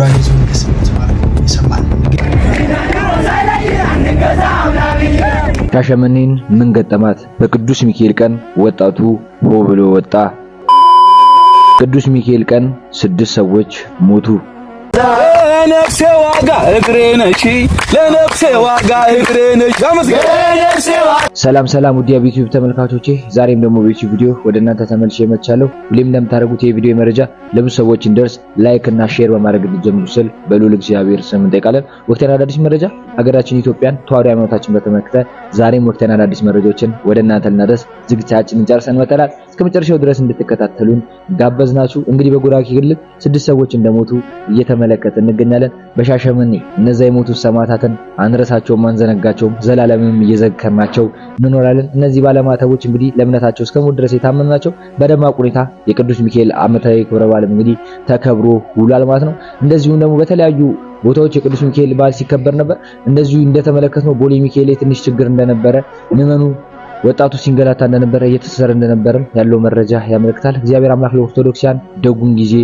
ጉራጌ ዞን ማለት ይሰማል። ሻሸመኔን ምን ገጠማት? በቅዱስ ሚካኤል ቀን ወጣቱ ሆ ብሎ ወጣ። ቅዱስ ሚካኤል ቀን ስድስት ሰዎች ሞቱ። ለነፍሴ ዋጋ እግሬ ነሽ፣ ለነፍሴ ዋጋ እግሬ ነሽ። ሰላም ሰላም፣ ውድ የዩቲዩብ ተመልካቾቼ፣ ዛሬም ደግሞ በዩቲዩብ ቪዲዮ ወደ እናንተ ተመልሼ መጥቻለሁ። ሁሌም እንደምታደርጉት የቪዲዮ መረጃ ለብዙ ሰዎች እንደርስ ላይክ እና ሼር በማድረግ እንድትጀምሩ ስል በልዑል እግዚአብሔር ስም እንጠይቃለን። ወቅታዊና አዳዲስ መረጃ ሀገራችን ኢትዮጵያን ተዋሕዶ ሃይማኖታችን በተመለከተ ዛሬም ወቅታዊና አዳዲስ መረጃዎችን ወደ እናንተ ልናደርስ ዝግጅታችንን ጨርሰን መጥተናል። እስከ መጨረሻው ድረስ እንድትከታተሉን ጋበዝናችሁ። እንግዲህ በጉራጌ ክልል ስድስት ሰዎች እንደሞቱ እየተመለከት እንገኛለን። በሻሸመኔ እነዛ የሞቱ ሰማዕታትን አንረሳቸውም፣ አንዘነጋቸውም፣ ዘላለምም እየዘከርናቸው እንኖራለን። እነዚህ ባለማተቦች እንግዲህ ለእምነታቸው እስከ ሞት ድረስ የታመኑ ናቸው። በደማቅ ሁኔታ የቅዱስ ሚካኤል ዓመታዊ ክብረ በዓልም እንግዲህ ተከብሮ ውሏል ማለት ነው። እንደዚሁም ደግሞ በተለያዩ ቦታዎች የቅዱስ ሚካኤል በዓል ሲከበር ነበር። እንደዚሁ እንደተመለከትነው ቦሌ ሚካኤል ትንሽ ችግር እንደነበረ ምዕመኑ ወጣቱ ሲንገላታ እንደነበረ እየተሰረ እንደነበረም ያለው መረጃ ያመለክታል። እግዚአብሔር አምላክ ለኦርቶዶክሲያን ደጉን ጊዜ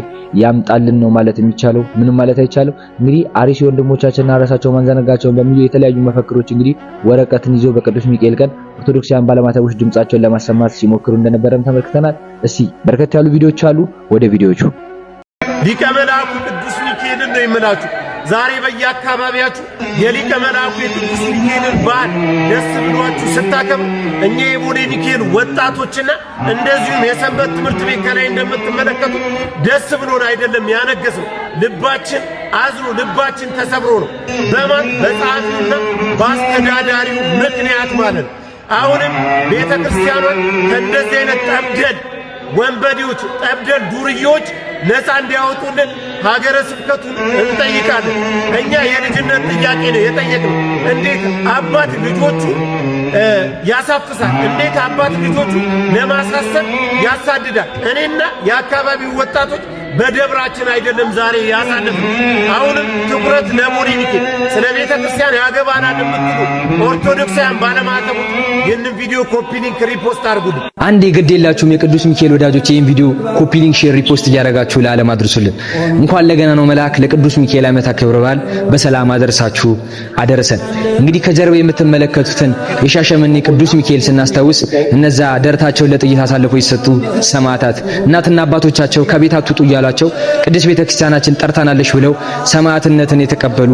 ያምጣልን ነው ማለት የሚቻለው፣ ምንም ማለት አይቻለው። እንግዲህ አርሲ ወንድሞቻችንና ራሳቸው ማንዘነጋቸውን በሚሉ የተለያዩ መፈክሮች እንግዲህ ወረቀትን ይዘው በቅዱስ ሚካኤል ቀን ኦርቶዶክሲያን ባለማተቦች ድምጻቸውን ለማሰማት ሲሞክሩ እንደነበረም ተመልክተናል። እስቲ በርከት ያሉ ቪዲዮዎች አሉ። ወደ ቪዲዮዎቹ ሊቀ ቅዱስ ሚካኤልን ነው የምላችሁ ዛሬ በየአካባቢያችሁ የሊቀ መላእክት የቅዱስ ሚካኤልን በዓል ደስ ብሏችሁ ስታከብሩ እኛ የቦሌ ሚካኤል ወጣቶችና እንደዚሁም የሰንበት ትምህርት ቤት ከላይ እንደምትመለከቱ ደስ ብሎን አይደለም ያነገስነው፣ ልባችን አዝኖ ልባችን ተሰብሮ ነው። በማን በጸሐፊውና በአስተዳዳሪው ምክንያት ማለት ነው። አሁንም ቤተ ክርስቲያኗን ከእንደዚህ አይነት ጠብደል ወንበዴዎች፣ ጠብደል ዱርዬዎች ነፃ እንዲያወጡልን ሀገረ ስብከቱን እንጠይቃለን። እኛ የልጅነት ጥያቄ ነው የጠየቅነው። እንዴት አባት ልጆቹ ያሳፍሳል? እንዴት አባት ልጆቹ ለማሳሰብ ያሳድዳል? እኔና የአካባቢው ወጣቶች በደብራችን አይደለም ዛሬ ያሳልፍ። አሁንም ትኩረት ለሞሪኒቲ ስለ ቤተ ክርስቲያን ያገባናል የምትሉ ኦርቶዶክሳውያን ባለማተቦች ይህንን ቪዲዮ ኮፒ ሊንክ ሪፖስት አድርጉልን። አንድ የግድ የላችሁም የቅዱስ ሚካኤል ወዳጆች፣ ይህን ቪዲዮ ኮፒ ሊንክ፣ ሼር፣ ሪፖስት እያደረጋችሁ ለዓለም አድርሱልን። እንኳን ለገና ነው መልአክ ለቅዱስ ሚካኤል ዓመት ክብረ በዓል በሰላም አደረሳችሁ አደረሰን። እንግዲህ ከጀርባ የምትመለከቱትን የሻሸመኔ ቅዱስ ሚካኤል ስናስታውስ እነዛ ደረታቸውን ለጥይት አሳልፈው የሰጡ ሰማዕታት እናትና አባቶቻቸው ከቤታቱ ጡያላ በኋላቸው ቅድስት ቤተክርስቲያናችን ጠርታናለች ብለው ሰማዕትነትን የተቀበሉ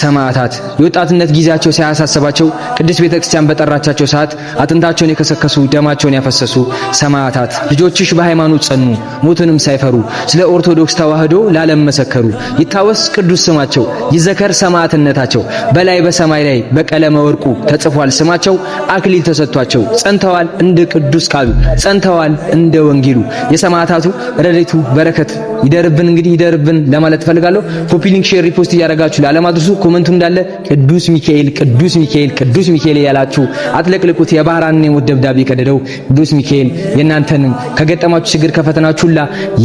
ሰማዕታት የወጣትነት ጊዜያቸው ሳያሳስባቸው ቅድስት ቤተክርስቲያን በጠራቻቸው ሰዓት አጥንታቸውን የከሰከሱ ደማቸውን ያፈሰሱ ሰማዕታት ልጆችሽ በሃይማኖት ጸኑ፣ ሞትንም ሳይፈሩ ስለ ኦርቶዶክስ ተዋህዶ ላለም መሰከሩ። ይታወስ ቅዱስ ስማቸው፣ ይዘከር ሰማዕትነታቸው። በላይ በሰማይ ላይ በቀለመ ወርቁ ተጽፏል ስማቸው። አክሊል ተሰጥቷቸው ጸንተዋል እንደ ቅዱስ ቃሉ ጸንተዋል እንደ ወንጌሉ። የሰማዕታቱ ረድኤቱ በረከት ይደርብን እንግዲህ ይደርብን ለማለት ፈልጋለሁ። ኮፒ ሊንክ፣ ሼር፣ ሪፖስት እያደረጋችሁ ለዓለም አድርሱ። ኮመንቱ እንዳለ ቅዱስ ሚካኤል ቅዱስ ሚካኤል ቅዱስ ሚካኤል ያላችሁ አጥለቅልቁት። የባህራን የሞት ደብዳቤ ቀደደው ቅዱስ ሚካኤል የእናንተንም ከገጠማችሁ ችግር ከፈተናችሁላ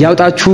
ያውጣችሁ።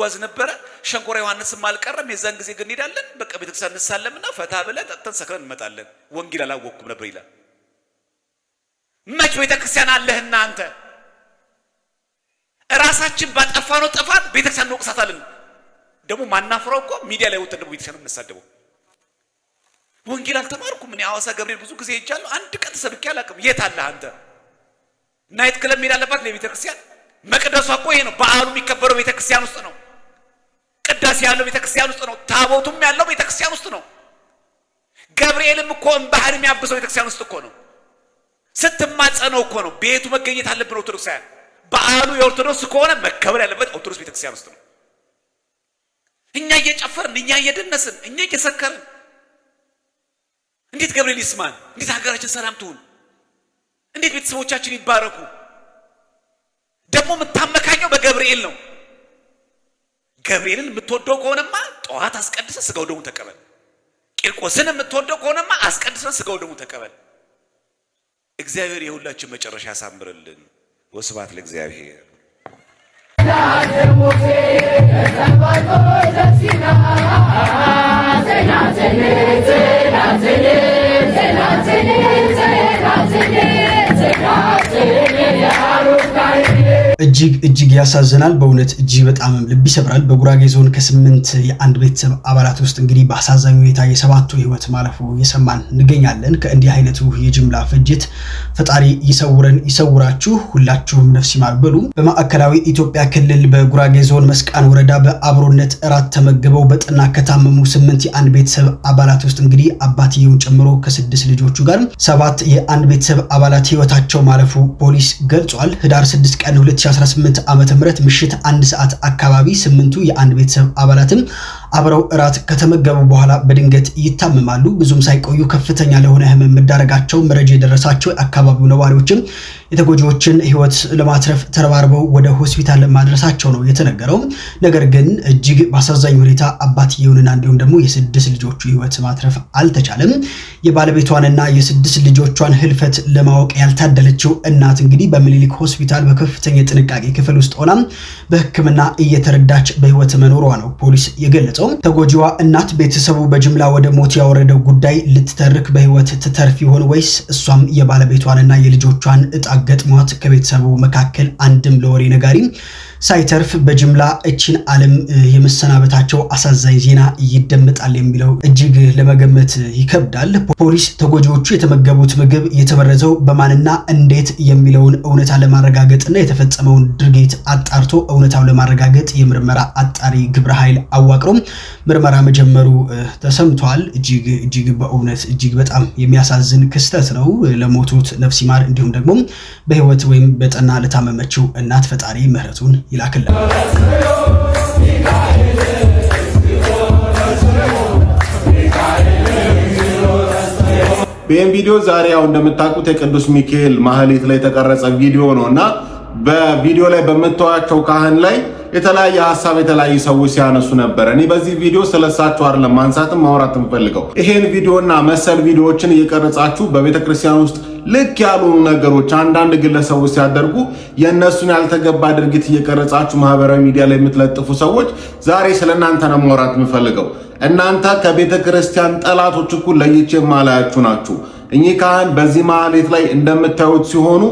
እንጓዝ ነበረ። ሸንኮራ ዮሐንስም አልቀረም። የዛን ጊዜ ግን እንሄዳለን። በቃ ቤተክርስቲያን እንሳለምና ፈታ ብለን ጠጥተን ሰክረን እንመጣለን። ወንጌል አላወቅኩም ነበር ይላል። መች ቤተክርስቲያን አለህና አንተ ራሳችን ባጠፋ ነው ጥፋት ቤተክርስቲያን እንወቅሳታለን። ደግሞ ማናፍረው እኮ ሚዲያ ላይ ወጥተን ደግሞ ቤተክርስቲያን እንሳደበው። ወንጌል አልተማርኩም እኔ። ሐዋሳ ገብርኤል ብዙ ጊዜ ሄጃለሁ። አንድ ቀን ሰብኬ አላውቅም። የት አለህ አንተ? ናይት ክለብ መሄድ አለባት ለቤተክርስቲያን። መቅደሷ እኮ ይሄ ነው። በዓሉ የሚከበረው ቤተክርስቲያን ውስጥ ነው። ቅዳሴ ያለው ቤተክርስቲያን ውስጥ ነው። ታቦቱም ያለው ቤተክርስቲያን ውስጥ ነው። ገብርኤልም እኮ እምባህን የሚያብሰው ቤተክርስቲያን ውስጥ እኮ ነው። ስትማጸነው እኮ ነው። ቤቱ መገኘት አለብን። ኦርቶዶክሳውያን በዓሉ የኦርቶዶክስ ከሆነ መከበር ያለበት ኦርቶዶክስ ቤተክርስቲያን ውስጥ ነው። እኛ እየጨፈርን እኛ እየደነስን እኛ እየሰከርን እንዴት ገብርኤል ይስማን? እንዴት ሀገራችን ሰላም ትሁን? እንዴት ቤተሰቦቻችን ይባረኩ? ደግሞ የምታመካኘው በገብርኤል ነው። ገብርኤልን የምትወደው ከሆነማ ጠዋት አስቀድሰ ስጋው ደሙ ተቀበል። ቂርቆስን የምትወደው ከሆነማ አስቀድሰ ስጋው ደሙ ተቀበል። እግዚአብሔር የሁላችን መጨረሻ ያሳምርልን። ወስብሐት ለእግዚአብሔር። እጅግ እጅግ ያሳዝናል። በእውነት እጅግ በጣም ልብ ይሰብራል። በጉራጌ ዞን ከስምንት የአንድ ቤተሰብ አባላት ውስጥ እንግዲህ በአሳዛኝ ሁኔታ የሰባቱ ሕይወት ማለፉ እየሰማን እንገኛለን። ከእንዲህ አይነቱ የጅምላ ፍጅት ፈጣሪ ይሰውረን ይሰውራችሁ። ሁላችሁም ነፍስ ይማር በሉ። በማዕከላዊ ኢትዮጵያ ክልል በጉራጌ ዞን መስቃን ወረዳ በአብሮነት እራት ተመግበው በጠና ከታመሙ ስምንት የአንድ ቤተሰብ አባላት ውስጥ እንግዲህ አባትየውን ጨምሮ ከስድስት ልጆቹ ጋር ሰባት የአንድ ቤተሰብ አባላት ሕይወታቸው ማለፉ ፖሊስ ገልጿል። ህዳር 6 ቀን 2018 ዓ.ም ምሽት አንድ ሰዓት አካባቢ ስምንቱ የአንድ ቤተሰብ አባላትም አብረው እራት ከተመገቡ በኋላ በድንገት ይታመማሉ። ብዙም ሳይቆዩ ከፍተኛ ለሆነ ህመም መዳረጋቸው መረጃ የደረሳቸው የአካባቢው ነዋሪዎችም የተጎጂዎችን ህይወት ለማትረፍ ተረባርበው ወደ ሆስፒታል ማድረሳቸው ነው የተነገረው። ነገር ግን እጅግ በአሳዛኝ ሁኔታ አባትየውንና እንዲሁም ደግሞ የስድስት ልጆቹ ህይወት ማትረፍ አልተቻለም። የባለቤቷንና የስድስት ልጆቿን ህልፈት ለማወቅ ያልታደለችው እናት እንግዲህ በምኒልክ ሆስፒታል በከፍተኛ የጥንቃቄ ክፍል ውስጥ ሆና በህክምና እየተረዳች በህይወት መኖሯ ነው ፖሊስ የገለጸው። ገለጸው ተጎጂዋ እናት ቤተሰቡ በጅምላ ወደ ሞት ያወረደው ጉዳይ ልትተርክ በህይወት ትተርፍ ይሆን ወይስ እሷም የባለቤቷንና የልጆቿን እጣ ገጥሟት ከቤተሰቡ መካከል አንድም ለወሬ ነጋሪ ሳይተርፍ በጅምላ እችን ዓለም የመሰናበታቸው አሳዛኝ ዜና ይደመጣል የሚለው እጅግ ለመገመት ይከብዳል። ፖሊስ ተጎጂዎቹ የተመገቡት ምግብ የተበረዘው በማንና እንዴት የሚለውን እውነታ ለማረጋገጥና የተፈጸመውን ድርጊት አጣርቶ እውነታው ለማረጋገጥ የምርመራ አጣሪ ግብረ ኃይል አዋቅሮም ምርመራ መጀመሩ ተሰምቷል። እጅግ እጅግ በእውነት እጅግ በጣም የሚያሳዝን ክስተት ነው። ለሞቱት ነፍስ ይማር፣ እንዲሁም ደግሞ በህይወት ወይም በጠና ለታመመችው እናት ፈጣሪ ምህረቱን ይላክልን። ይህም ቪዲዮ ዛሬ ያው እንደምታውቁት የቅዱስ ሚካኤል ማህሌት ላይ የተቀረጸ ቪዲዮ ነው እና በቪዲዮ ላይ በምታዩአቸው ካህን ላይ የተለያየ ሀሳብ የተለያዩ ሰዎች ሲያነሱ ነበረ። እኔ በዚህ ቪዲዮ ስለሳችሁ አይደለም ማንሳትም ማውራት የምፈልገው ይሄን ቪዲዮና መሰል ቪዲዮዎችን እየቀረጻችሁ በቤተክርስቲያን ውስጥ ልክ ያልሆኑ ነገሮች አንዳንድ ግለሰቦች ሲያደርጉ የእነሱን ያልተገባ ድርጊት እየቀረጻችሁ ማህበራዊ ሚዲያ ላይ የምትለጥፉ ሰዎች ዛሬ ስለ እናንተ ነው ማውራት የምፈልገው። እናንተ ከቤተ ክርስቲያን ጠላቶች እኩል ለይቼ የማላያችሁ ናችሁ። እኚህ ካህን በዚህ ማህሌት ላይ እንደምታዩት ሲሆኑ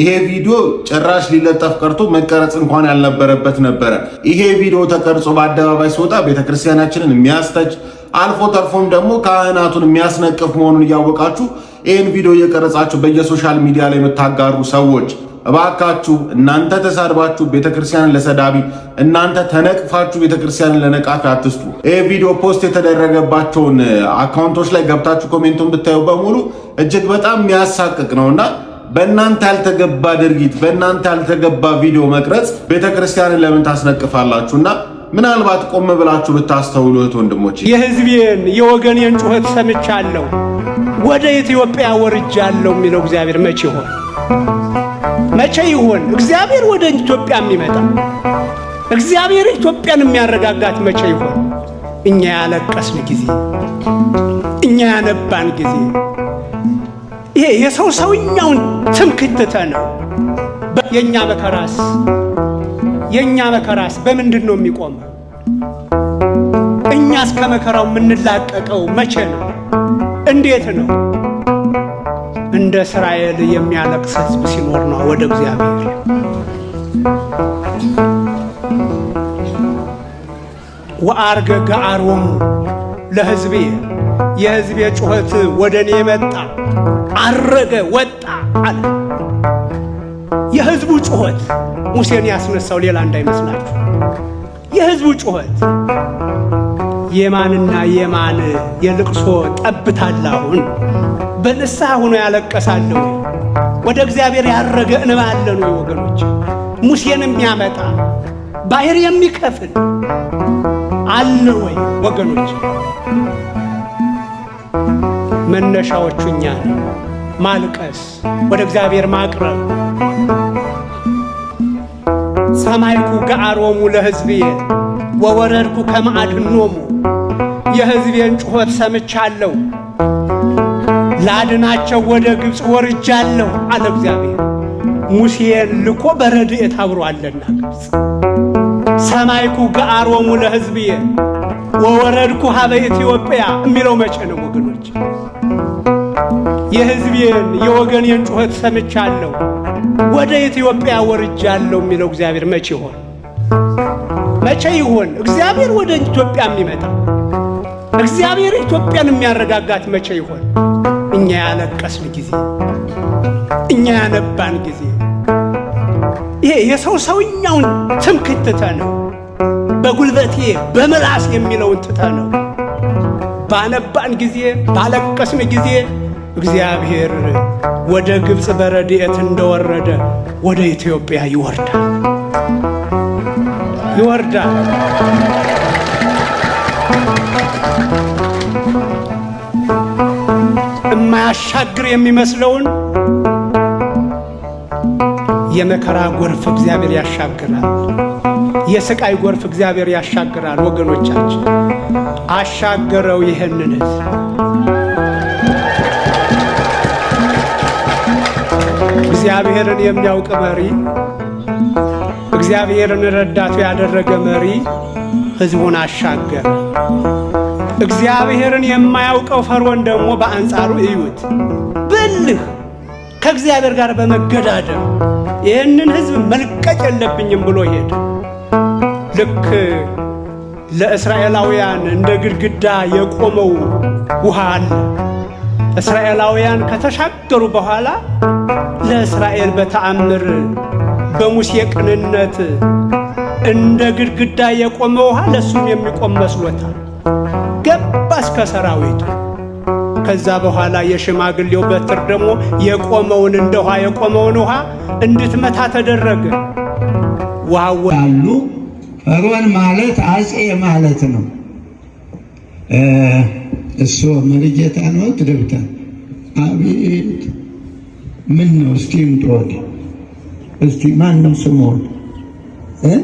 ይሄ ቪዲዮ ጭራሽ ሊለጠፍ ቀርቶ መቀረጽ እንኳን ያልነበረበት ነበረ። ይሄ ቪዲዮ ተቀርጾ በአደባባይ ሲወጣ ቤተክርስቲያናችንን የሚያስተች አልፎ ተርፎም ደግሞ ካህናቱን የሚያስነቅፍ መሆኑን እያወቃችሁ ይህን ቪዲዮ እየቀረጻችሁ በየሶሻል ሚዲያ ላይ የምታጋሩ ሰዎች እባካችሁ እናንተ ተሳድባችሁ ቤተክርስቲያንን ለሰዳቢ እናንተ ተነቅፋችሁ ቤተክርስቲያንን ለነቃፊ አትስጡ። ይህ ቪዲዮ ፖስት የተደረገባቸውን አካውንቶች ላይ ገብታችሁ ኮሜንቱን ብታዩ በሙሉ እጅግ በጣም የሚያሳቅቅ ነውና በእናንተ ያልተገባ ድርጊት በእናንተ ያልተገባ ቪዲዮ መቅረጽ ቤተክርስቲያንን ለምን ታስነቅፋላችሁና ምናልባት ቆም ብላችሁ ብታስተውሉ እህት ወንድሞች፣ የህዝቤን የወገኔን ጩኸት ሰምቻለሁ፣ ወደ ኢትዮጵያ ወርጃለሁ የሚለው እግዚአብሔር መቼ ሆነ? መቼ ይሆን እግዚአብሔር ወደ ኢትዮጵያ የሚመጣ? እግዚአብሔር ኢትዮጵያን የሚያረጋጋት መቼ ይሆን? እኛ ያለቀስን ጊዜ፣ እኛ ያነባን ጊዜ ይሄ የሰው ሰውኛውን ትምክትተ ነው። የእኛ መከራስ የእኛ መከራስ በምንድን ነው የሚቆመው? እኛ ከመከራው የምንላቀቀው መቼ ነው? እንዴት ነው? እንደ እስራኤል የሚያለቅስ ሕዝብ ሲኖር ነው ወደ እግዚአብሔር። ወአርገ ገአሮሙ ለሕዝቤ የሕዝቤ ጩኸት ወደ እኔ መጣ፣ አረገ ወጣ አለ። የሕዝቡ ጩኸት ሙሴን ያስነሳው ሌላ እንዳይመስላችሁ። የሕዝቡ ጩኸት የማንና የማን የልቅሶ ጠብታላሁን በንስሐ ሆኖ ያለቀሳለሁ። ወደ እግዚአብሔር ያረገ እንባ አለ ነው ወገኖች። ሙሴን የሚያመጣ ባህር የሚከፍል አለ ወይ ወገኖች? መነሻዎቹ እኛ ነው ማልቀስ፣ ወደ እግዚአብሔር ማቅረብ። ሰማይኩ ገአሮሙ ለሕዝብዬ ወወረድኩ ከማዕድኖሙ የሕዝቤን ጩኸት ሰምቻለሁ ላድናቸው ወደ ግብፅ ወርጃለሁ አለ እግዚአብሔር። ሙሴን ልኮ በረድኤት አብሮአለና ግብፅ ሰማይኩ ገአሮሙ ለሕዝብየ ወወረድኩ ሀበ ኢትዮጵያ የሚለው መቼ ነው ወገኖች? የሕዝቤን የወገኔን ጩኸት ሰምቻለሁ ወደ ኢትዮጵያ ወርጃለሁ የሚለው እግዚአብሔር መቼ ይሆን? መቼ ይሆን እግዚአብሔር ወደ ኢትዮጵያ የሚመጣ? እግዚአብሔር ኢትዮጵያን የሚያረጋጋት መቼ ይሆን? እኛ ያለቀስን ጊዜ፣ እኛ ያነባን ጊዜ ይሄ የሰው ሰውኛውን ትምክት ትተ ነው። በጉልበቴ በምላስ የሚለውን ትተ ነው። ባነባን ጊዜ ባለቀስን ጊዜ እግዚአብሔር ወደ ግብፅ በረድኤት እንደወረደ ወደ ኢትዮጵያ ይወርዳል ይወርዳል። የማያሻግር የሚመስለውን የመከራ ጎርፍ እግዚአብሔር ያሻግራል። የስቃይ ጎርፍ እግዚአብሔር ያሻግራል። ወገኖቻችን አሻገረው ይህንን እግዚአብሔርን የሚያውቅ መሪ፣ እግዚአብሔርን ረዳቱ ያደረገ መሪ ሕዝቡን አሻገረ። እግዚአብሔርን የማያውቀው ፈርዖን ደግሞ በአንጻሩ እዩት፣ ብልህ ከእግዚአብሔር ጋር በመገዳደር ይህንን ሕዝብ መልቀቅ የለብኝም ብሎ ሄደ። ልክ ለእስራኤላውያን እንደ ግድግዳ የቆመው ውሃ አለ። እስራኤላውያን ከተሻገሩ በኋላ ለእስራኤል በተአምር በሙሴ ቅንነት እንደ ግድግዳ የቆመ ውሃ ለእሱም የሚቆም መስሎታል። ገባ እስከ ሰራዊቱ። ከዛ በኋላ የሽማግሌው በትር ደግሞ የቆመውን እንደ ውሃ የቆመውን ውሃ እንድትመታ ተደረገ። ውሃው አሉ ፈርዖን ማለት አጼ ማለት ነው። እሱ መርጀታ ነው። ትደብታ አቤት ምን ነው? እስቲ ምጥሮት እስቲ ማን ነው ስሞት እ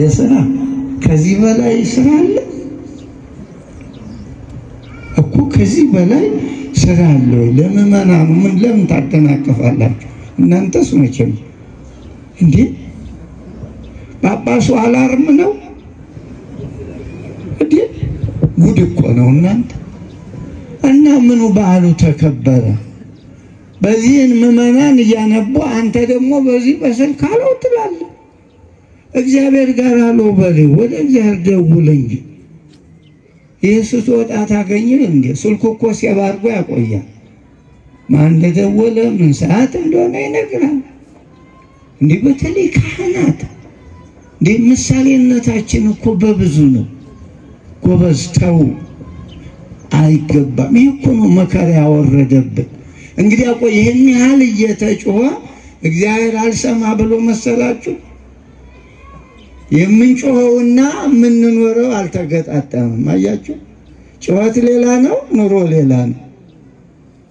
የስራ ከዚህ በላይ ስራ አለ እኮ ከዚህ በላይ ስራ አለ ወይ? ለምእመናኑ ምን ለምን ታደናቅፋላችሁ? እናንተስ መቼም እንዴ ጳጳሱ አላርም ነው እንዴ? ጉድ እኮ ነው እናንተ። እና ምኑ በዓሉ ተከበረ? በዚህን ምእመናን እያነቡ አንተ ደግሞ በዚህ በስልክ አለው ትላለህ። እግዚአብሔር ጋር ነው በሌ ወደ እግዚአብሔር ደውል እንጂ ይህ ስትወጣ ታገኝን እንደ ስልኩ እኮ ሴባ አድርጎ ያቆያል። ማን እንደደወለ ምን ሰዓት እንደሆነ ይነግራል። እንዲህ በተለይ ካህናት እንዲህ ምሳሌነታችን እኮ በብዙ ነው። ጎበዝ ተው፣ አይገባም። ይህ እኮ ነው መከራ ያወረደብን። እንግዲህ አቆ ይህን ያህል እየተጮኸ እግዚአብሔር አልሰማ ብሎ መሰላችሁ? የምንጮኸውና የምንኖረው አልተገጣጠምም። አያችሁ፣ ጩኸት ሌላ ነው፣ ኑሮ ሌላ ነው።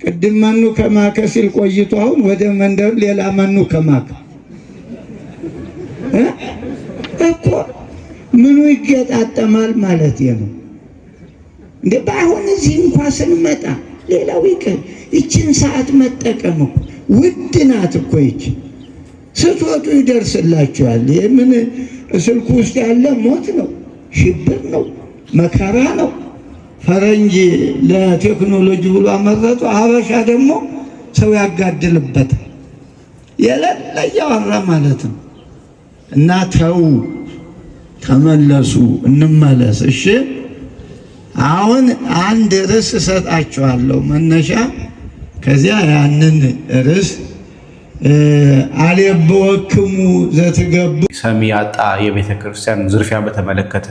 ቅድም መኑ ከማከ ሲል ቆይቶ አሁን ወደ መንደር ሌላ መኑ ከማከ እኮ ምኑ ይገጣጠማል ማለት ነው እንደ በአሁን እዚህ እንኳ ስንመጣ ሌላው ይቅር፣ ይችን ሰዓት መጠቀም ውድ ናት እኮ ይች ስትወጡ ይደርስላችኋል። የምን ስልኩ ውስጥ ያለ ሞት ነው፣ ሽብር ነው፣ መከራ ነው። ፈረንጅ ለቴክኖሎጂ ብሎ አመረጡ፣ ሀበሻ ደግሞ ሰው ያጋድልበታል። የለለ እያወራ ማለት ነው። እና ተው ተመለሱ፣ እንመለስ። እሺ አሁን አንድ ርዕስ እሰጣችኋለሁ መነሻ፣ ከዚያ ያንን ርዕስ አልየበወክሙ ዘትገቡ ሰሚ ያጣ የቤተ ክርስቲያን ዝርፊያ በተመለከተ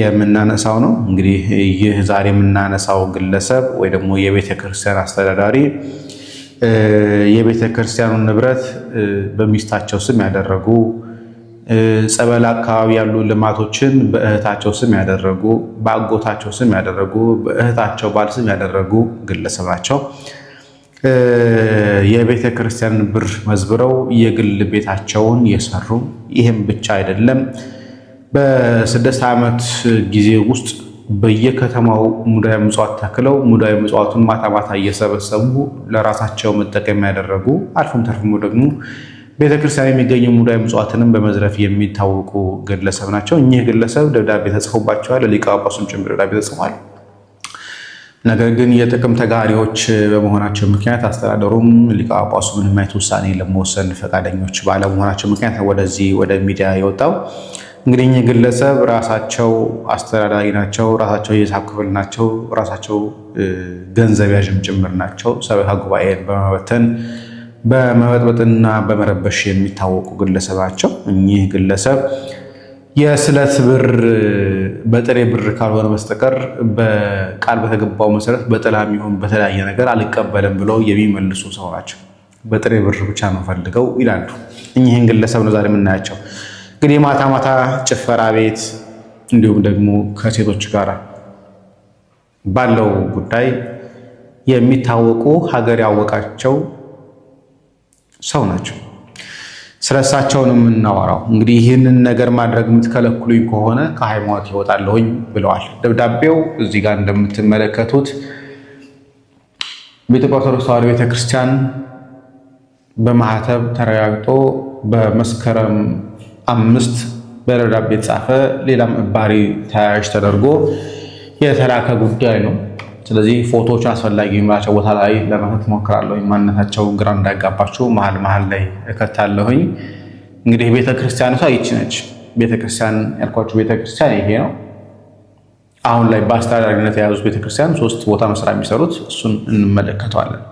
የምናነሳው ነው። እንግዲህ ይህ ዛሬ የምናነሳው ግለሰብ ወይ ደግሞ የቤተ ክርስቲያን አስተዳዳሪ የቤተ ክርስቲያኑን ንብረት በሚስታቸው ስም ያደረጉ፣ ጸበል አካባቢ ያሉ ልማቶችን በእህታቸው ስም ያደረጉ፣ በአጎታቸው ስም ያደረጉ፣ በእህታቸው ባል ስም ያደረጉ ግለሰብ ናቸው። የቤተ ክርስቲያን ብር መዝብረው የግል ቤታቸውን የሰሩ ይህም ብቻ አይደለም። በስድስት ዓመት ጊዜ ውስጥ በየከተማው ሙዳየ ምጽዋት ተክለው ሙዳየ ምጽዋቱን ማታ ማታ እየሰበሰቡ ለራሳቸው መጠቀሚያ ያደረጉ አልፎም ተርፎም ደግሞ ቤተክርስቲያን የሚገኙ ሙዳየ ምጽዋትንም በመዝረፍ የሚታወቁ ግለሰብ ናቸው። እኚህ ግለሰብ ደብዳቤ ተጽፎባቸዋል። ለሊቀ ጳጳሱም ጭምር ደብዳቤ ተጽፏል። ነገር ግን የጥቅም ተጋሪዎች በመሆናቸው ምክንያት አስተዳደሩም ሊቀ ጳጳሱ ምንም አይነት ውሳኔ ለመወሰን ፈቃደኞች ባለመሆናቸው ምክንያት ወደዚህ ወደ ሚዲያ የወጣው። እንግዲህ እኚህ ግለሰብ ራሳቸው አስተዳዳሪ ናቸው፣ ራሳቸው የሂሳብ ክፍል ናቸው፣ ራሳቸው ገንዘብ ያዥም ጭምር ናቸው። ሰበካ ጉባኤን በመበተን በመበጥበጥና በመረበሽ የሚታወቁ ግለሰብ ናቸው። እኚህ ግለሰብ የስለት ብር በጥሬ ብር ካልሆነ በስተቀር በቃል በተገባው መሰረት በጥላም ይሁን በተለያየ ነገር አልቀበልም ብለው የሚመልሱ ሰው ናቸው። በጥሬ ብር ብቻ ነው ፈልገው ይላሉ። እኚህን ግለሰብ ነው ዛሬ የምናያቸው። እንግዲህ ማታ ማታ ጭፈራ ቤት እንዲሁም ደግሞ ከሴቶች ጋር ባለው ጉዳይ የሚታወቁ ሀገር ያወቃቸው ሰው ናቸው። ስለሳቸው ነው የምናወራው። እንግዲህ ይህንን ነገር ማድረግ የምትከለክሉኝ ከሆነ ከሃይማኖት ይወጣለሁኝ ብለዋል። ደብዳቤው እዚህ ጋር እንደምትመለከቱት በኢትዮጵያ ኦርቶዶክስ ተዋሕዶ ቤተክርስቲያን በማህተብ ተረጋግጦ በመስከረም አምስት በደብዳቤ የተጻፈ ሌላም እባሪ ተያያዥ ተደርጎ የተላከ ጉዳይ ነው። ስለዚህ ፎቶዎችን አስፈላጊ የሚላቸው ቦታ ላይ ለመክተት ሞክራለሁ። ማንነታቸው ግራ እንዳጋባቸው መሀል መሀል ላይ እከታለሁኝ። እንግዲህ ቤተክርስቲያኒቷ ይቺ ነች። ቤተክርስቲያን ያልኳቸው ቤተክርስቲያን ይሄ ነው። አሁን ላይ በአስተዳዳሪነት የያዙት ቤተክርስቲያን ሶስት ቦታ መስራት የሚሰሩት እሱን እንመለከተዋለን።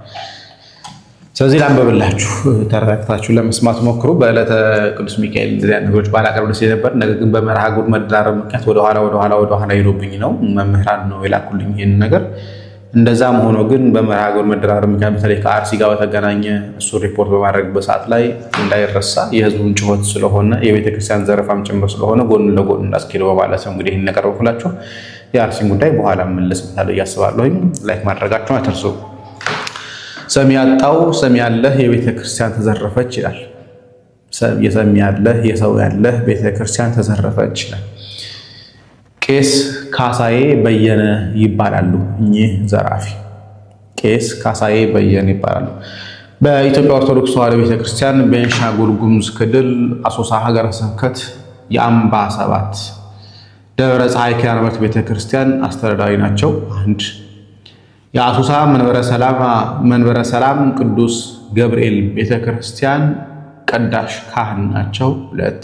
ስለዚህ ላንበብላችሁ ተረጋግታችሁ ለመስማት ሞክሩ። በዕለተ ቅዱስ ሚካኤል እንደዚህ ዓይነት ነገሮች ባላቀርብ ደስ ነበር። ነገር ግን በመርሃ ግብር መደራረብ ምክንያት ወደኋላ ወደኋላ ወደኋላ ሄዶብኝ ነው። መምህራን ነው የላኩልኝ ይህን ነገር። እንደዛም ሆኖ ግን በመርሃ ግብር መደራረብ ምክንያት በተለይ ከአርሲ ጋር በተገናኘ እሱ ሪፖርት በማድረግበት ሰዓት ላይ እንዳይረሳ የህዝቡን ጩኸት ስለሆነ የቤተክርስቲያን ዘረፋም ጭምር ስለሆነ ጎን ለጎን እንዳስኬደው በማለት ነው እንግዲህ ይህን ነገር በኩላችሁ የአርሲን ጉዳይ በኋላ መለስበታለሁ እያስባለሁኝ። ላይክ ማድረጋችሁን አትርሱ። ሰሚ ያጣው ሰሚ ያለህ የቤተ ክርስቲያን ተዘረፈች ይላል። የሰሚ ያለህ የሰው ያለህ ቤተ ክርስቲያን ተዘረፈች ይላል። ቄስ ካሳዬ በየነ ይባላሉ እኚህ ዘራፊ። ቄስ ካሳዬ በየነ ይባላሉ። በኢትዮጵያ ኦርቶዶክስ ተዋሕዶ ቤተ ክርስቲያን ቤንሻንጉል ጉሙዝ ክልል አሶሳ ሀገረ ስብከት የአምባ ሰባት ደብረ ፀሐይ ኪዳነ ምሕረት ቤተ ክርስቲያን አስተዳዳሪ ናቸው። አንድ የአሶሳ መንበረ ሰላማ መንበረ ሰላም ቅዱስ ገብርኤል ቤተ ክርስቲያን ቀዳሽ ካህን ናቸው። ሁለት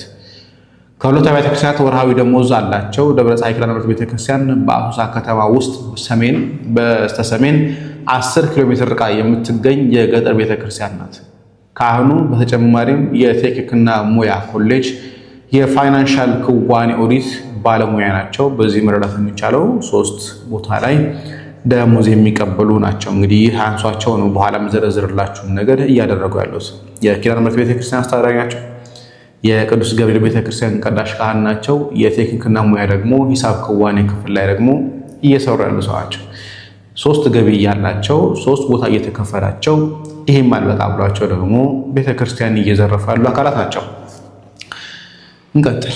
ከሁለት ቤተ ክርስቲያናት ወርሃዊ ደሞዝ አላቸው። ደብረ ፀሐይ ኪዳነ ምሕረት ቤተ ክርስቲያን በአሶሳ ከተማ ውስጥ ሰሜን በስተሰሜን 10 ኪሎ ሜትር ርቃ የምትገኝ የገጠር ቤተ ክርስቲያን ናት። ካህኑ በተጨማሪም የቴክኒክና ሙያ ኮሌጅ የፋይናንሻል ክዋኔ ኦዲት ባለሙያ ናቸው። በዚህ መረዳት የሚቻለው ሶስት ቦታ ላይ ደሞዝ የሚቀበሉ ናቸው። እንግዲህ ይህ አንሷቸው ነው። በኋላ የምዘረዝርላችሁን ነገር እያደረጉ ያሉት የኪዳነ ምሕረት ቤተክርስቲያን አስተዳዳሪ ናቸው። የቅዱስ ገብርኤል ቤተክርስቲያን ቀዳሽ ካህን ናቸው። የቴክኒክና ሙያ ደግሞ ሂሳብ ክዋኔ ክፍል ላይ ደግሞ እየሰሩ ያሉ ሰው ናቸው። ሶስት ገቢ እያላቸው ሶስት ቦታ እየተከፈላቸው ይህም አልበቃ ብሏቸው ደግሞ ቤተክርስቲያን እየዘረፉ ያሉ አካላት ናቸው። እንቀጥል።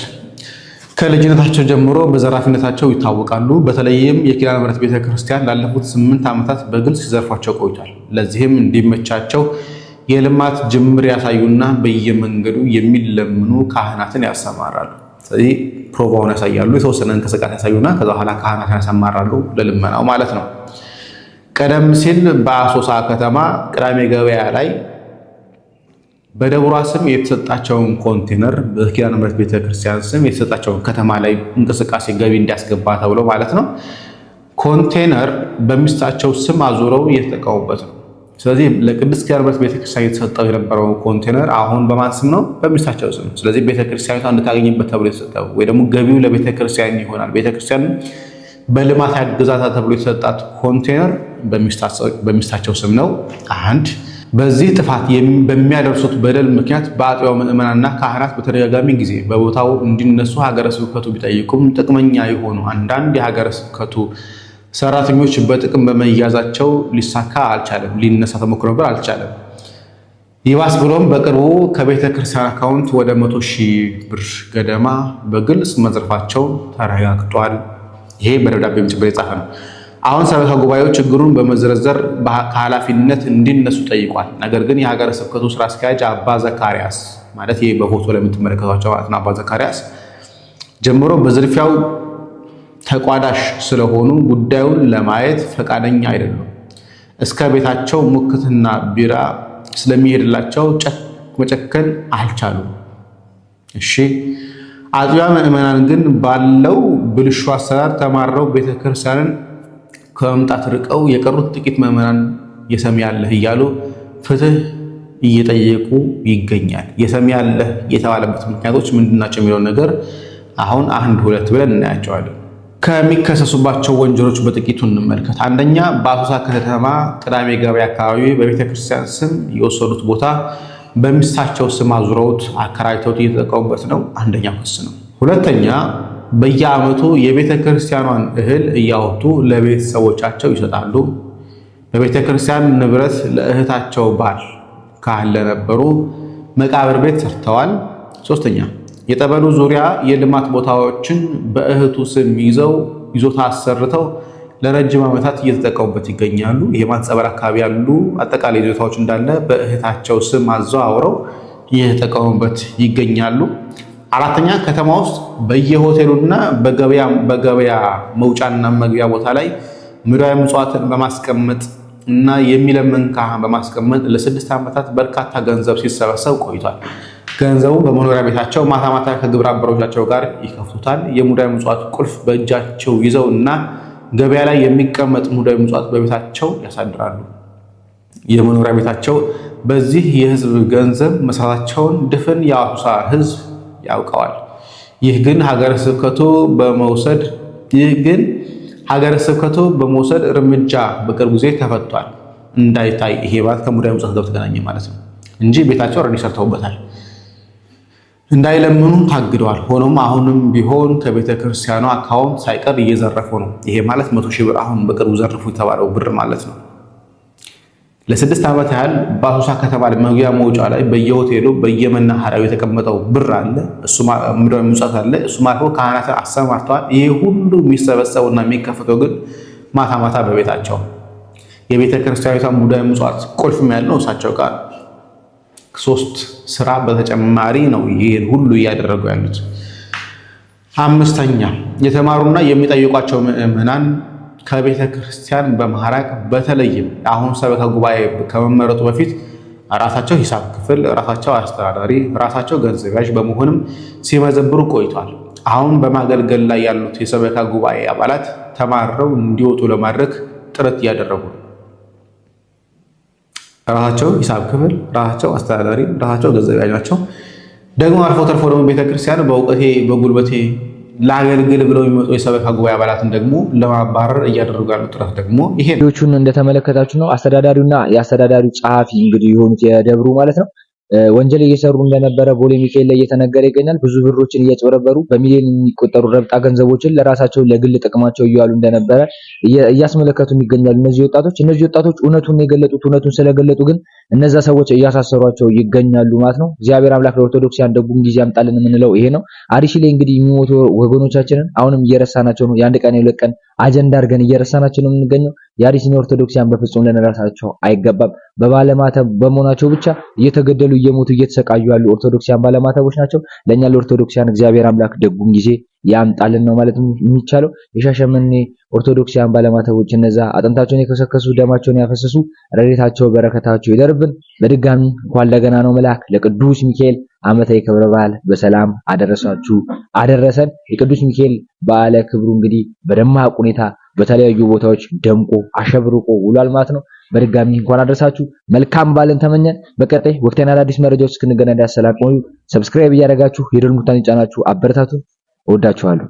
ከልጅነታቸው ጀምሮ በዘራፊነታቸው ይታወቃሉ። በተለይም የኪዳነ ምሕረት ቤተ ክርስቲያን ላለፉት ስምንት ዓመታት በግልጽ ሲዘርፏቸው ቆይቷል። ለዚህም እንዲመቻቸው የልማት ጅምር ያሳዩና በየመንገዱ የሚለምኑ ካህናትን ያሰማራሉ። ስለዚህ ፕሮቫውን ያሳያሉ፣ የተወሰነ እንቅስቃሴ ያሳዩና ከዛ በኋላ ካህናትን ያሰማራሉ ለልመናው ማለት ነው። ቀደም ሲል በአሶሳ ከተማ ቅዳሜ ገበያ ላይ በደብሯ ስም የተሰጣቸውን ኮንቴነር በኪዳነ ምሕረት ቤተክርስቲያን ስም የተሰጣቸውን ከተማ ላይ እንቅስቃሴ ገቢ እንዲያስገባ ተብሎ ማለት ነው ኮንቴነር በሚስታቸው ስም አዙረው እየተጠቀሙበት ነው። ስለዚህ ለቅድስት ኪዳነ ምሕረት ቤተክርስቲያን የተሰጠው የነበረው ኮንቴነር አሁን በማን ስም ነው? በሚስታቸው ስም። ስለዚህ ቤተክርስቲያኒቷ እንድታገኝበት ተብሎ የተሰጠው ወይ ደግሞ ገቢው ለቤተክርስቲያን ይሆናል፣ ቤተክርስቲያን በልማት ያግዛታ ተብሎ የተሰጣት ኮንቴነር በሚስታቸው ስም ነው። አንድ በዚህ ጥፋት በሚያደርሱት በደል ምክንያት በአጥቢያው ምዕመናንና ካህናት በተደጋጋሚ ጊዜ በቦታው እንዲነሱ ሀገረ ስብከቱ ቢጠይቁም ጥቅመኛ የሆኑ አንዳንድ የሀገረ ስብከቱ ሰራተኞች በጥቅም በመያዛቸው ሊሳካ አልቻለም። ሊነሳ ተሞክሮ ነበር፣ አልቻለም። ይባስ ብሎም በቅርቡ ከቤተ ክርስቲያን አካውንት ወደ መቶ ሺህ ብር ገደማ በግልጽ መዝረፋቸው ተረጋግጧል። ይሄ በደብዳቤም ጭምር የጻፈ ነው። አሁን ሰበካ ጉባኤው ችግሩን በመዘርዘር ከኃላፊነት እንዲነሱ ጠይቋል። ነገር ግን የሀገረ ስብከቱ ስራ አስኪያጅ አባ ዘካሪያስ ማለት ይህ በፎቶ ላይ የምትመለከቷቸው ማለት ነው አባ ዘካሪያስ ጀምሮ በዝርፊያው ተቋዳሽ ስለሆኑ ጉዳዩን ለማየት ፈቃደኛ አይደሉም። እስከ ቤታቸው ሙክትና ቢራ ስለሚሄድላቸው መጨከን አልቻሉም። እሺ አጥቢያ ምዕመናን ግን ባለው ብልሹ አሰራር ተማረው ቤተክርስቲያንን ከመምጣት ርቀው የቀሩት ጥቂት መመራን የሰሚ ያለህ እያሉ ፍትህ እየጠየቁ ይገኛል። የሰሚ ያለህ የተባለበት ምክንያቶች ምንድናቸው የሚለውን ነገር አሁን አንድ ሁለት ብለን እናያቸዋለን። ከሚከሰሱባቸው ወንጀሎች በጥቂቱ እንመልከት። አንደኛ በአሶሳ ከተማ ቅዳሜ ገበያ አካባቢ በቤተ ክርስቲያን ስም የወሰዱት ቦታ በሚስታቸው ስም አዙረውት አከራይተውት እየተጠቀሙበት ነው። አንደኛው ክስ ነው። ሁለተኛ በየዓመቱ የቤተ ክርስቲያኗን እህል እያወጡ ለቤተሰቦቻቸው ይሰጣሉ። በቤተ ክርስቲያን ንብረት ለእህታቸው ባል ካህን ለነበሩ መቃብር ቤት ሰርተዋል። ሶስተኛ የጠበሉ ዙሪያ የልማት ቦታዎችን በእህቱ ስም ይዘው ይዞታ አሰርተው ለረጅም ዓመታት እየተጠቀሙበት ይገኛሉ። የማንጸበር አካባቢ ያሉ አጠቃላይ ይዞታዎች እንዳለ በእህታቸው ስም አዘዋውረው እየተጠቀሙበት ይገኛሉ። አራተኛ ከተማ ውስጥ በየሆቴሉና በገበያ በገበያ መውጫና መግቢያ ቦታ ላይ ምድራዊ ምጽዋትን በማስቀመጥ እና የሚለምን ካህን በማስቀመጥ ለስድስት ዓመታት በርካታ ገንዘብ ሲሰበሰብ ቆይቷል። ገንዘቡ በመኖሪያ ቤታቸው ማታ ማታ ከግብረ አበሮቻቸው ጋር ይከፍቱታል። የሙዳይ ምጽዋት ቁልፍ በእጃቸው ይዘው እና ገበያ ላይ የሚቀመጥ ሙዳይ ምጽዋት በቤታቸው ያሳድራሉ። የመኖሪያ ቤታቸው በዚህ የህዝብ ገንዘብ መስራታቸውን ድፍን የአሱሳ ህዝብ ያውቀዋል። ይህ ግን ሀገረ ስብከቱ በመውሰድ ይህ ግን ሀገረ ስብከቱ በመውሰድ እርምጃ በቅርብ ጊዜ ተፈቷል እንዳይታይ። ይሄ ማለት ከሙዳይ ምጽዋት ጋር ተገናኘ ማለት ነው እንጂ ቤታቸው ረድ ሰርተውበታል። እንዳይለምኑ ታግደዋል። ሆኖም አሁንም ቢሆን ከቤተ ክርስቲያኗ አካውንት ሳይቀር እየዘረፉ ነው። ይሄ ማለት መቶ ሺህ ብር አሁን በቅርቡ ዘርፉ የተባለው ብር ማለት ነው። ለስድስት ዓመት ያህል በአሶሳ ከተማ መግቢያ መውጫ ላይ በየሆቴሉ በየመናኸሪያው የተቀመጠው ብር አለ ምጽዋት አለ። እሱም አልፎ ካህናትን አሰማርተዋል። ይህ ሁሉ የሚሰበሰቡና የሚከፈተው ግን ማታ ማታ በቤታቸው የቤተ ክርስቲያኒቷ ሙዳይ ምጽዋት ቁልፍም ያለው እሳቸው ጋር ሶስት ስራ በተጨማሪ ነው ይህን ሁሉ እያደረጉ ያሉት። አምስተኛ የተማሩና የሚጠይቋቸው ምዕመናን ከቤተ ክርስቲያን በማራቅ በተለይም አሁን ሰበካ ጉባኤ ከመመረጡ በፊት ራሳቸው ሂሳብ ክፍል፣ ራሳቸው አስተዳዳሪ፣ ራሳቸው ገንዘብ ያዥ በመሆንም ሲመዘብሩ ቆይቷል። አሁን በማገልገል ላይ ያሉት የሰበካ ጉባኤ አባላት ተማረው እንዲወጡ ለማድረግ ጥረት እያደረጉ ነው። ራሳቸው ሂሳብ ክፍል፣ ራሳቸው አስተዳዳሪ፣ ራሳቸው ገንዘብ ያዥ ናቸው። ደግሞ አልፎ ተርፎ ደግሞ ቤተክርስቲያን በእውቀቴ በጉልበቴ ለአገልግል ብለው የሚመጡ የሰበካ ጉባኤ አባላትን ደግሞ ለማባረር እያደረጉ ያሉ ጥረት ደግሞ ይሄ ቹን እንደተመለከታችሁ ነው። አስተዳዳሪውና የአስተዳዳሪው ጸሐፊ እንግዲህ የሆኑት የደብሩ ማለት ነው ወንጀል እየሰሩ እንደነበረ ቦሌ ሚካኤል ላይ እየተነገረ ይገኛል። ብዙ ብሮችን እያጭበረበሩ በሚሊዮን የሚቆጠሩ ረብጣ ገንዘቦችን ለራሳቸው ለግል ጥቅማቸው እየዋሉ እንደነበረ እያስመለከቱ ይገኛሉ። እነዚህ ወጣቶች እነዚህ ወጣቶች እውነቱን የገለጡት እውነቱን ስለገለጡ ግን እነዛ ሰዎች እያሳሰሯቸው ይገኛሉ ማለት ነው። እግዚአብሔር አምላክ ለኦርቶዶክሲያን ደጉን ጊዜ ያምጣልን የምንለው ይሄ ነው። አርሲ ላይ እንግዲህ የሚሞቱ ወገኖቻችንን አሁንም እየረሳናቸው ነው። የአንድ ቀን የሁለት ቀን አጀንዳ አድርገን እየረሳናቸው ነው የምንገኘው። የአርሲን ኦርቶዶክሲያን በፍጹም ልንረሳቸው አይገባም። በባለማተብ በመሆናቸው ብቻ እየተገደሉ እየሞቱ እየተሰቃዩ ያሉ ኦርቶዶክሲያን ባለማተቦች ናቸው። ለእኛ ለኦርቶዶክሲያን እግዚአብሔር አምላክ ደጉን ጊዜ ያምጣልን ነው ማለት የሚቻለው። የሻሸመኔ ኦርቶዶክሲያን ባለማተቦች እነዛ አጥንታቸውን የከሰከሱ ደማቸውን ያፈሰሱ ረድኤታቸው በረከታቸው ይደርብን። በድጋሚ እንኳን ለገና ነው መልአክ ለቅዱስ ሚካኤል ዓመታዊ ክብረ በዓል በሰላም አደረሳችሁ አደረሰን። የቅዱስ ሚካኤል በዓለ ክብሩ እንግዲህ በደማቅ ሁኔታ በተለያዩ ቦታዎች ደምቆ አሸብርቆ ውሏል ማለት ነው። በድጋሚ እንኳን አደረሳችሁ መልካም ባልን ተመኘን። በቀጣይ ወቅታዊና አዳዲስ መረጃዎች እስክንገናኝ ሰላም ቆዩ። ሰብስክራይብ እያደረጋችሁ የደወል ምልክቱን ጫናችሁ አበረታቱን። እወዳችኋለሁ።